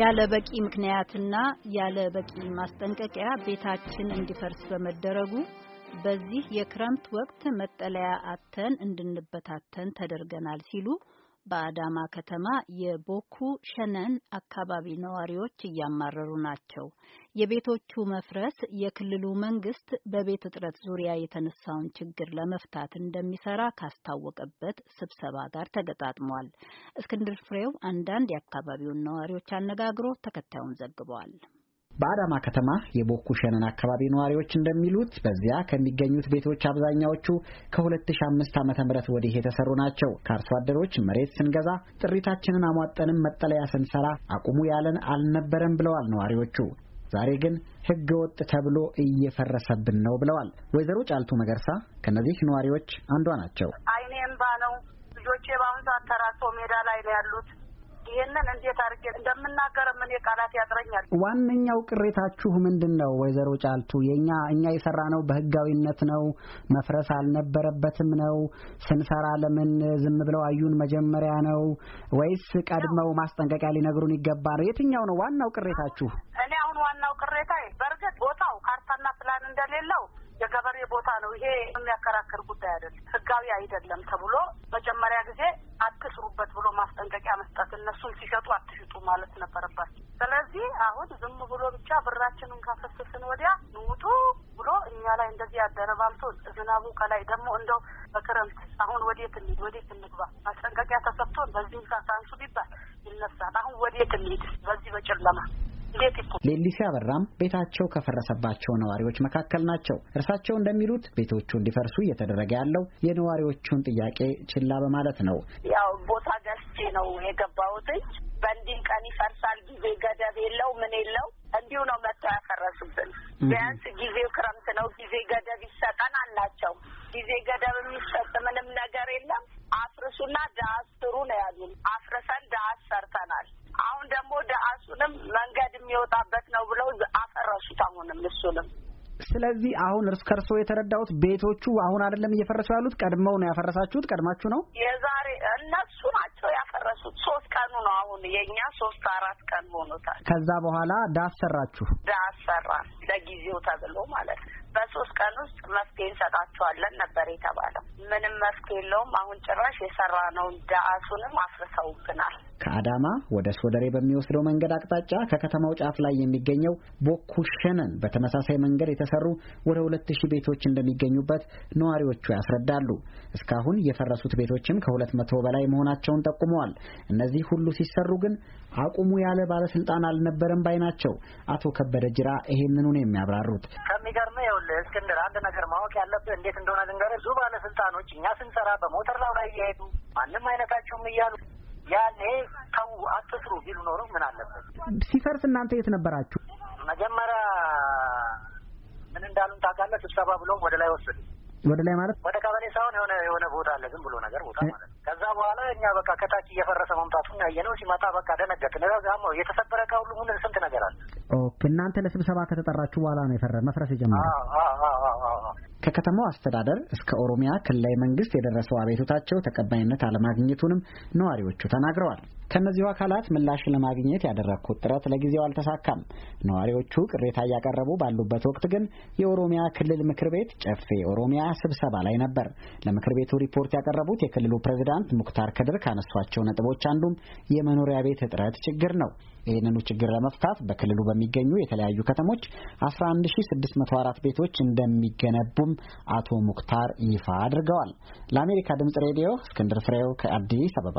ያለ በቂ ምክንያትና ያለ በቂ ማስጠንቀቂያ ቤታችን እንዲፈርስ በመደረጉ በዚህ የክረምት ወቅት መጠለያ አተን እንድንበታተን ተደርገናል ሲሉ በአዳማ ከተማ የቦኩ ሸነን አካባቢ ነዋሪዎች እያማረሩ ናቸው። የቤቶቹ መፍረስ የክልሉ መንግስት በቤት እጥረት ዙሪያ የተነሳውን ችግር ለመፍታት እንደሚሰራ ካስታወቀበት ስብሰባ ጋር ተገጣጥሟል። እስክንድር ፍሬው አንዳንድ የአካባቢውን ነዋሪዎች አነጋግሮ ተከታዩን ዘግበዋል። በአዳማ ከተማ የቦኩ ሸነን አካባቢ ነዋሪዎች እንደሚሉት በዚያ ከሚገኙት ቤቶች አብዛኛዎቹ ከ2005 ም ወዲህ የተሰሩ ናቸው። ከአርሶ አደሮች መሬት ስንገዛ ጥሪታችንን አሟጠንም መጠለያ ስንሰራ አቁሙ ያለን አልነበረም ብለዋል ነዋሪዎቹ። ዛሬ ግን ሕገ ወጥ ተብሎ እየፈረሰብን ነው ብለዋል። ወይዘሮ ጫልቱ መገርሳ ከእነዚህ ነዋሪዎች አንዷ ናቸው። አይኔ እምባ ነው። ልጆቼ በአሁኑ ሰዓት ተራሶ ሜዳ ላይ ነው ያሉት። ይህንን እንዴት አድርጌ እንደምናገር እኔ ቃላት ያጥረኛል። ዋነኛው ቅሬታችሁ ምንድን ነው ወይዘሮ ጫልቱ? የእኛ እኛ የሰራ ነው በህጋዊነት ነው መፍረስ አልነበረበትም ነው ስንሰራ ለምን ዝም ብለው አዩን መጀመሪያ ነው ወይስ ቀድመው ማስጠንቀቂያ ሊነግሩን ይገባ ነው? የትኛው ነው ዋናው ቅሬታችሁ? እኔ አሁን ዋናው ቅሬታ በእርግጥ ቦታው ካርታና ፕላን እንደሌለው የገበሬ ቦታ ነው። ይሄ የሚያከራከር ጉዳይ አይደለም፣ ህጋዊ አይደለም ተብሎ መጀመሪያ ጊዜ አትስሩበት ብሎ ማስጠንቀቂያ መስጠት፣ እነሱን ሲሸጡ አትሽጡ ማለት ነበረባቸው። ስለዚህ አሁን ዝም ብሎ ብቻ ብራችንን ካፈሰስን ወዲያ ንውጡ ብሎ እኛ ላይ እንደዚህ ያደረባልቶ ዝናቡ ከላይ ደግሞ እንደው በክረምት አሁን ወዴት እንሂድ ወዴት እንግባ ማስጠንቀቂያ ተሰጥቶን በዚህ ሳሳንሱ ቢባል ይነሳል። አሁን ወዴት እንሂድ በዚህ በጨለማ ሌሊሴ አበራም ቤታቸው ከፈረሰባቸው ነዋሪዎች መካከል ናቸው። እርሳቸው እንደሚሉት ቤቶቹ እንዲፈርሱ እየተደረገ ያለው የነዋሪዎቹን ጥያቄ ችላ በማለት ነው። ያው ቦታ ገዝቼ ነው የገባሁት። በእንዲህ ቀን ይፈርሳል፣ ጊዜ ገደብ የለው፣ ምን የለው፣ እንዲሁ ነው መጥተው ያፈረሱብን። ቢያንስ ጊዜው ክረምት ነው፣ ጊዜ ገደብ ይሰጠን አላቸው። ጊዜ ገደብ የሚሰጥ ምንም ነገር የለም፣ አፍርሱና ዳስሩ ነው ያሉ የሚወጣበት ነው ብለው አፈረሱት። አሁንም እሱንም ስለዚህ አሁን እርስ ከርሶ የተረዳሁት ቤቶቹ አሁን አይደለም እየፈረሱ ያሉት ቀድመው ነው ያፈረሳችሁት? ቀድማችሁ ነው የዛሬ እነሱ ናቸው ያፈረሱት። ሶስት ቀኑ ነው አሁን የእኛ ሶስት አራት ቀን ሆኖታል። ከዛ በኋላ ዳስ ሰራችሁ? ዳስ ሰራን ለጊዜው ተብሎ ማለት ነው። በሶስት ቀን ውስጥ መፍትሄ እንሰጣቸዋለን ነበር የተባለው። ምንም መፍትሄ የለውም። አሁን ጭራሽ የሰራ ነው ዳሱንም አፍርሰውብናል። ከአዳማ ወደ ሶደሬ በሚወስደው መንገድ አቅጣጫ ከከተማው ጫፍ ላይ የሚገኘው ቦኩሸነን በተመሳሳይ መንገድ የተሰሩ ወደ ሁለት ሺህ ቤቶች እንደሚገኙበት ነዋሪዎቹ ያስረዳሉ። እስካሁን የፈረሱት ቤቶችም ከሁለት መቶ በላይ መሆናቸውን ጠቁመዋል። እነዚህ ሁሉ ሲሰሩ ግን አቁሙ ያለ ባለስልጣን አልነበረም ባይ ናቸው። አቶ ከበደ ጅራ ይሄንኑ ነው የሚያብራሩት። ከሚገርም ይኸውልህ እስክንድር አንድ ነገር ማወቅ ያለብህ እንዴት እንደሆነ ልንገርህ። ብዙ ባለስልጣኖች እኛ ስንሰራ በሞተር ላው ላይ እየሄዱ ማንም አይነካቸውም እያሉ ያኔ ተው አትስሩ ቢሉ ኖሮ ምን አለበት? ሲፈርስ እናንተ የት ነበራችሁ? መጀመሪያ ምን እንዳሉን ታውቃለህ? ስብሰባ ብሎም ወደ ላይ ወሰዱ። ወደ ላይ ማለት ወደ ቀበሌ ሳይሆን የሆነ የሆነ ቦታ አለ፣ ዝም ብሎ ነገር ቦታ ማለት ነው። ከዛ በኋላ እኛ በቃ ከታች እየፈረሰ መምጣቱን ያየነው ሲመጣ በቃ ደነገጥን። ዛሞ የተሰበረ ዕቃ ሁሉ ምን ስንት ነገር አለ። ኦኬ እናንተ ለስብሰባ ከተጠራችሁ በኋላ ነው የፈረ መፍረስ የጀመረ ከከተማው አስተዳደር እስከ ኦሮሚያ ክልላዊ መንግስት የደረሰው አቤቱታቸው ተቀባይነት አለማግኘቱንም ነዋሪዎቹ ተናግረዋል። ከእነዚሁ አካላት ምላሽ ለማግኘት ያደረግኩት ጥረት ለጊዜው አልተሳካም። ነዋሪዎቹ ቅሬታ እያቀረቡ ባሉበት ወቅት ግን የኦሮሚያ ክልል ምክር ቤት ጨፌ ኦሮሚያ ስብሰባ ላይ ነበር። ለምክር ቤቱ ሪፖርት ያቀረቡት የክልሉ ፕሬዝዳንት ሙክታር ከድር ካነሷቸው ነጥቦች አንዱም የመኖሪያ ቤት እጥረት ችግር ነው። ይህንኑ ችግር ለመፍታት በክልሉ በሚገኙ የተለያዩ ከተሞች 11604 ቤቶች እንደሚገነቡም አቶ ሙክታር ይፋ አድርገዋል። ለአሜሪካ ድምጽ ሬዲዮ እስክንድር ፍሬው ከአዲስ አበባ